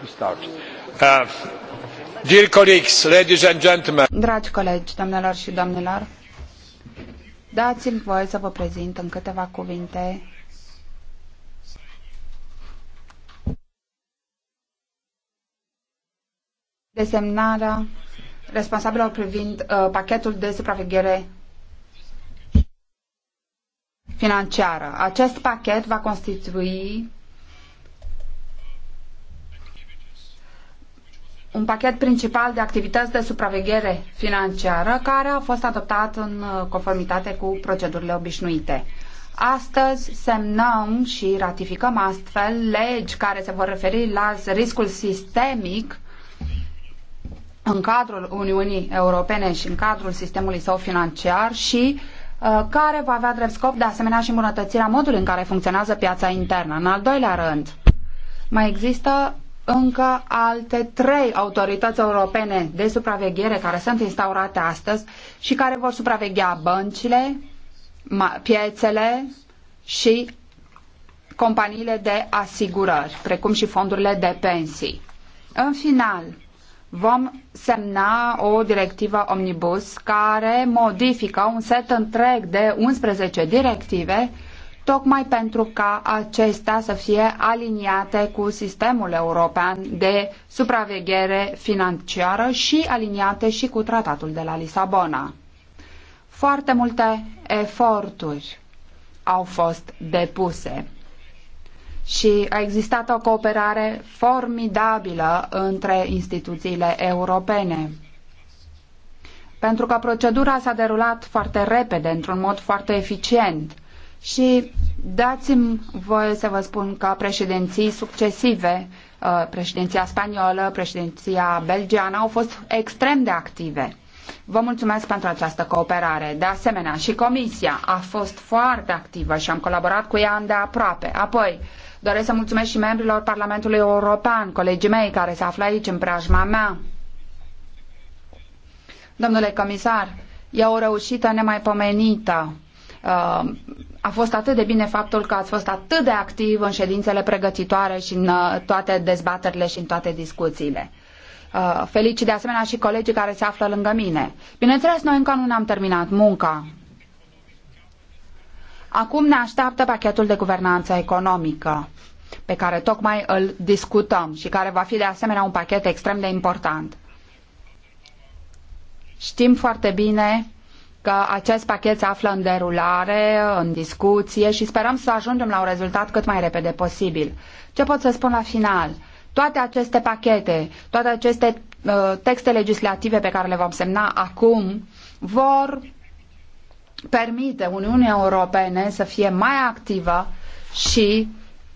Uh, dear colleagues, ladies and gentlemen. Dragi colegi, doamnelor și domnilor, dați-mi voie să vă prezint în câteva cuvinte desemnarea responsabilor privind uh, pachetul de supraveghere financiară. Acest pachet va constitui un pachet principal de activități de supraveghere financiară care a fost adoptat în uh, conformitate cu procedurile obișnuite. Astăzi semnăm și ratificăm astfel legi care se vor referi la riscul sistemic în cadrul Uniunii Europene și în cadrul sistemului său financiar și uh, care va avea drept scop de asemenea și îmbunătățirea modului în care funcționează piața internă. În al doilea rând, mai există încă alte trei autorități europene de supraveghere care sunt instaurate astăzi și care vor supraveghea băncile, piețele și companiile de asigurări, precum și fondurile de pensii. În final, vom semna o directivă omnibus care modifică un set întreg de 11 directive tocmai pentru ca acestea să fie aliniate cu sistemul european de supraveghere financiară și aliniate și cu tratatul de la Lisabona. Foarte multe eforturi au fost depuse și a existat o cooperare formidabilă între instituțiile europene. Pentru că procedura s-a derulat foarte repede, într-un mod foarte eficient și dați-mi voie să vă spun că președinții succesive, uh, președinția spaniolă, președinția belgiană, au fost extrem de active. Vă mulțumesc pentru această cooperare. De asemenea, și Comisia a fost foarte activă și am colaborat cu ea aproape. Apoi, doresc să mulțumesc și membrilor Parlamentului European, colegii mei care se află aici în preajma mea. Domnule comisar, e o reușită nemaipomenită uh, a fost atât de bine faptul că ați fost atât de activ în ședințele pregătitoare și în uh, toate dezbaterile și în toate discuțiile. Uh, felicit de asemenea și colegii care se află lângă mine. Bineînțeles, noi încă nu ne-am terminat munca. Acum ne așteaptă pachetul de guvernanță economică pe care tocmai îl discutăm și care va fi de asemenea un pachet extrem de important. Știm foarte bine că acest pachet se află în derulare, în discuție și sperăm să ajungem la un rezultat cât mai repede posibil. Ce pot să spun la final? Toate aceste pachete, toate aceste uh, texte legislative pe care le vom semna acum vor permite Uniunii Europene să fie mai activă și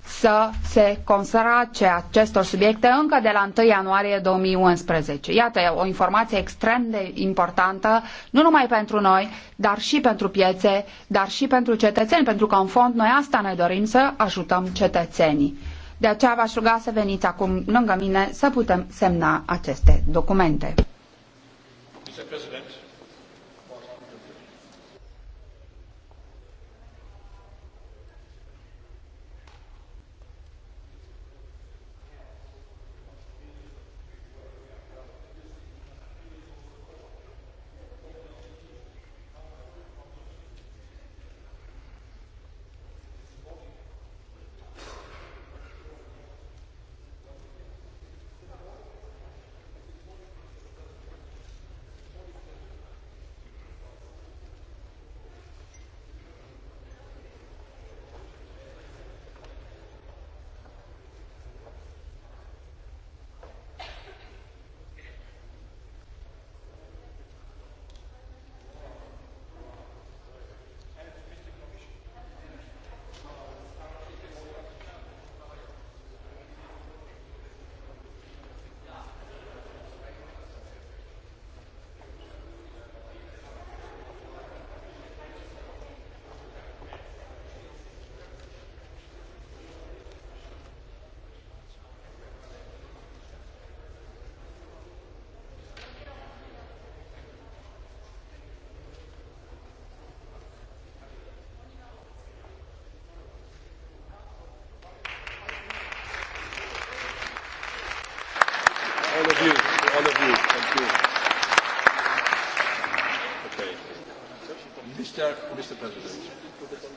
să se consărace acestor subiecte încă de la 1 ianuarie 2011. Iată, o informație extrem de importantă, nu numai pentru noi, dar și pentru piețe, dar și pentru cetățeni, pentru că în fond noi asta ne dorim să ajutăm cetățenii. De aceea v-aș ruga să veniți acum lângă mine să putem semna aceste documente. you. Mr. Mr. President,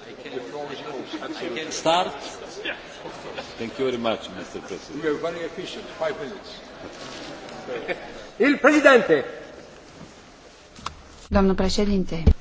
I can, the floor is yours. Absolutely. I can start. Yeah, of course. Thank you very much, Mr. President. You are very efficient. Five minutes. Il Presidente. Domnul președinte.